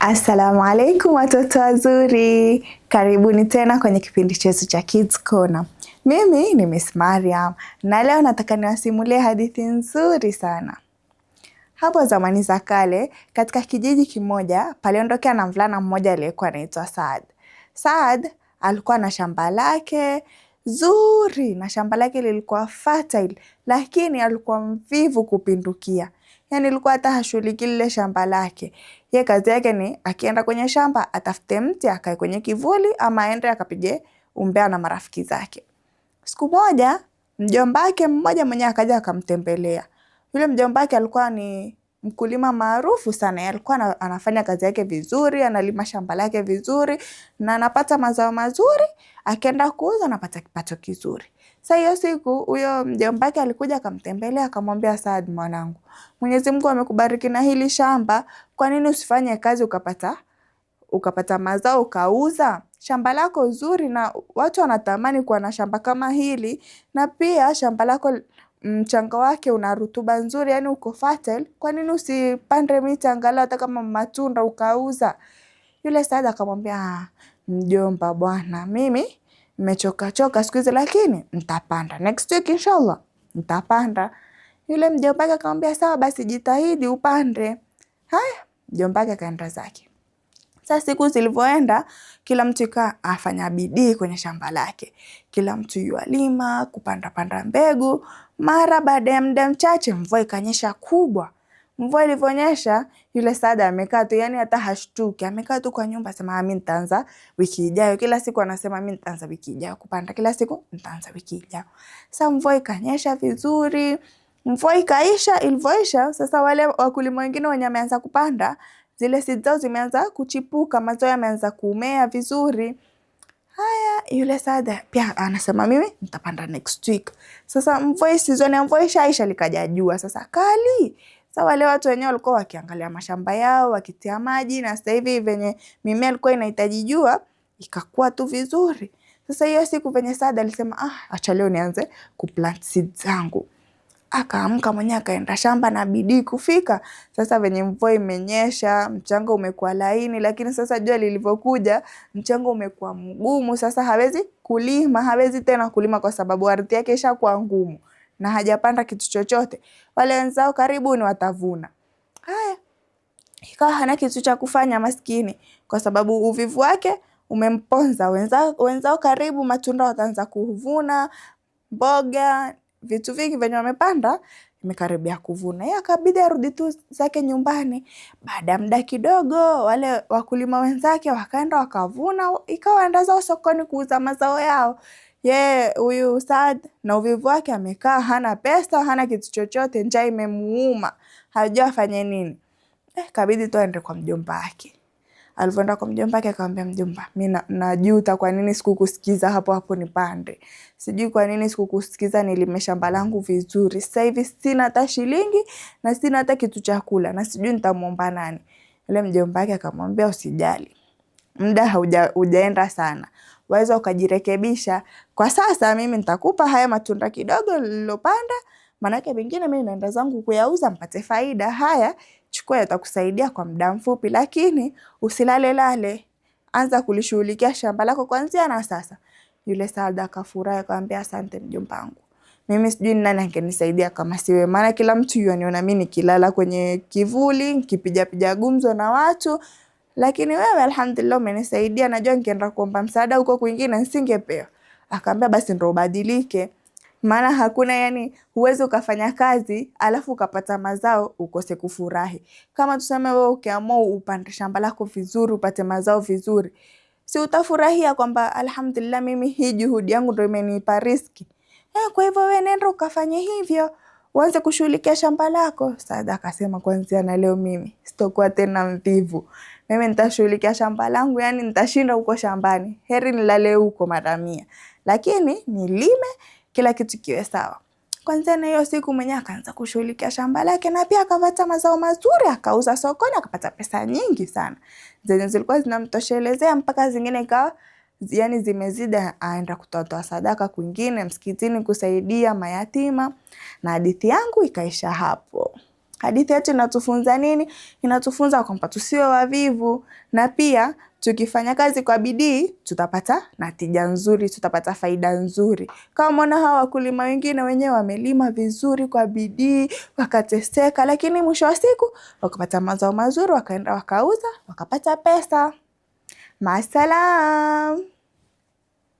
Assalamu alaikum watoto wazuri, karibuni tena kwenye kipindi chetu cha Kids Corner. Mimi ni Miss Mariam na leo nataka niwasimulie hadithi nzuri sana. Hapo zamani za kale, katika kijiji kimoja paliondokea na mvulana mmoja aliyekuwa anaitwa Saad. Saad alikuwa na shamba lake zuri na shamba lake lilikuwa fertile, lakini alikuwa mvivu kupindukia yani alikuwa hata hashughuliki lile shamba lake. Ye kazi yake ni akienda kwenye shamba atafute mti akae kwenye kivuli, ama aende akapige umbea na marafiki zake. Siku moja mjomba wake mmoja mwenye akaja akamtembelea. Yule mjomba wake alikuwa ni mkulima maarufu sana, alikuwa anafanya kazi yake vizuri, analima shamba lake vizuri na anapata mazao mazuri, akienda kuuza anapata kipato kizuri. Sa hiyo siku huyo mjomba wake alikuja akamtembelea, akamwambia Saad, mwanangu, Mwenyezi Mungu amekubariki na hili shamba, kwa nini usifanye kazi ukapata ukapata mazao ukauza shamba lako zuri, na watu wanatamani kuwa na shamba kama hili, na pia shamba lako mchanga wake una rutuba nzuri, yani uko fertile. Kwa nini usipande miti angalau hata kama matunda ukauza? Yule Saad akamwambia, ah, mjomba bwana, mimi Mechoka choka siku hizi, lakini nitapanda next week inshallah, nitapanda. Yule mjomba wake akamwambia sawa basi, jitahidi upande. Haya, mjomba wake akaenda zake. Sasa siku zilivyoenda, kila mtu ikaa afanya bidii kwenye shamba lake, kila mtu yualima kupanda panda mbegu. Mara baada ya muda mchache, mvua ikanyesha kubwa Mvua ilivyonyesha, yule sada amekaa tu, yani hata hashtuki, amekaa tu kwa nyumba, sema mimi ah, nitaanza wiki ijayo. Kila siku anasema mimi nitaanza wiki ijayo kupanda, kila siku nitaanza wiki ijayo. Sasa mvua ikanyesha vizuri, mvua ikaisha. Ilivyoisha sasa, wale wakulima wengine wenye wameanza kupanda zile seeds zao zimeanza kuchipuka, mazao yameanza kumea vizuri. Haya, yule sada pia anasema mimi nitapanda next week. Sasa mvua, season ya mvua ishaisha, likaja jua sasa kali sasa wale watu wenyewe walikuwa wakiangalia mashamba yao wakitia maji, na sasa hivi venye mimea ilikuwa inahitaji jua ikakua tu vizuri. Sasa hiyo siku venye Saad alisema ah, acha leo nianze kuplant seeds zangu. Akaamka mwenyewe akaenda shamba na bidii kufika. Sasa venye mvua imenyesha, mchanga umekuwa laini, lakini sasa jua lilivyokuja, mchanga umekuwa mgumu. Sasa hawezi kulima, hawezi tena kulima kwa sababu ardhi yake ishakuwa ngumu na hajapanda kitu chochote, wale wenzao karibuni watavuna. Haya, ikawa hana kitu cha kufanya maskini, kwa sababu uvivu wake umemponza. Wenzao, wenzao karibu matunda wataanza kuvuna, mboga, vitu vingi venye wamepanda imekaribia kuvuna. Yeye akabidi arudi tu zake nyumbani. Baada ya muda kidogo, wale wakulima wenzake wakaenda wakavuna, ikawa zao sokoni kuuza mazao yao yeye huyu Saad na uvivu wake amekaa, hana pesa, hana kitu chochote, njaa imemuuma, hajua afanye nini. Eh, kabidi tu aende kwa mjomba wake. Alivyoenda kwa mjomba wake akamwambia mjomba, mimi najuta kwa nini sikukusikiza hapo hapo nipande. Sijui kwa nini sikukusikiza nilime shamba langu vizuri. Sasa hivi sina hata shilingi na sina hata kitu cha kula na sijui nitamwomba nani. Yule mjomba wake akamwambia usijali. Muda haujaenda sana waweza ukajirekebisha. Kwa sasa mimi nitakupa haya matunda kidogo nililopanda, maanake mengine mimi naenda zangu kuyauza mpate faida. Haya chukua, yatakusaidia kwa muda mfupi, lakini usilale lale, anza kulishughulikia shamba lako kwanzia na sasa. Yule Saada akafurahi akamwambia, asante mjomba wangu mimi sijui ni nani angenisaidia kama siwe, maana kila mtu yuaniona mimi nikilala kwenye kivuli, nikipijapija gumzo na watu lakini wewe alhamdulillah, umenisaidia. Najua nikienda kuomba msaada huko kwingine nisingepewa. Akaambia basi ndo ubadilike, maana hakuna yani, huwezi ukafanya kazi alafu ukapata mazao ukose kufurahi. Kama tuseme wewe ukiamua upande shamba lako vizuri, upate mazao vizuri, si utafurahia kwamba alhamdulillah, mimi hii juhudi yangu ndo imenipa riski eh? Kwa hivyo wewe nenda ukafanye hivyo uanze kushughulikia shamba lako. Saada akasema kwanzia na leo mimi sitokuwa tena mvivu, mimi nitashughulikia shamba langu, yani nitashinda huko shambani, heri nilale huko mara mia, lakini nilime, kila kitu kiwe sawa. Kwanza na hiyo siku mwenye akaanza kushughulikia shamba lake na pia akapata mazao mazuri, akauza sokoni, akapata pesa nyingi sana zenye zilikuwa zinamtoshelezea mpaka zingine ikawa yani zimezidi, aenda kutoa sadaka kwingine msikitini kusaidia mayatima, na hadithi yangu ikaisha hapo. Hadithi yetu inatufunza nini? Inatufunza kwamba tusiwe wavivu, na pia tukifanya kazi kwa bidii tutapata natija nzuri, tutapata faida nzuri. Kama mwona hawa wakulima wengine wenyewe wamelima vizuri kwa bidii, wakateseka, lakini mwisho wa siku wakapata mazao mazuri, wakaenda wakauza, wakapata pesa. مع السلامة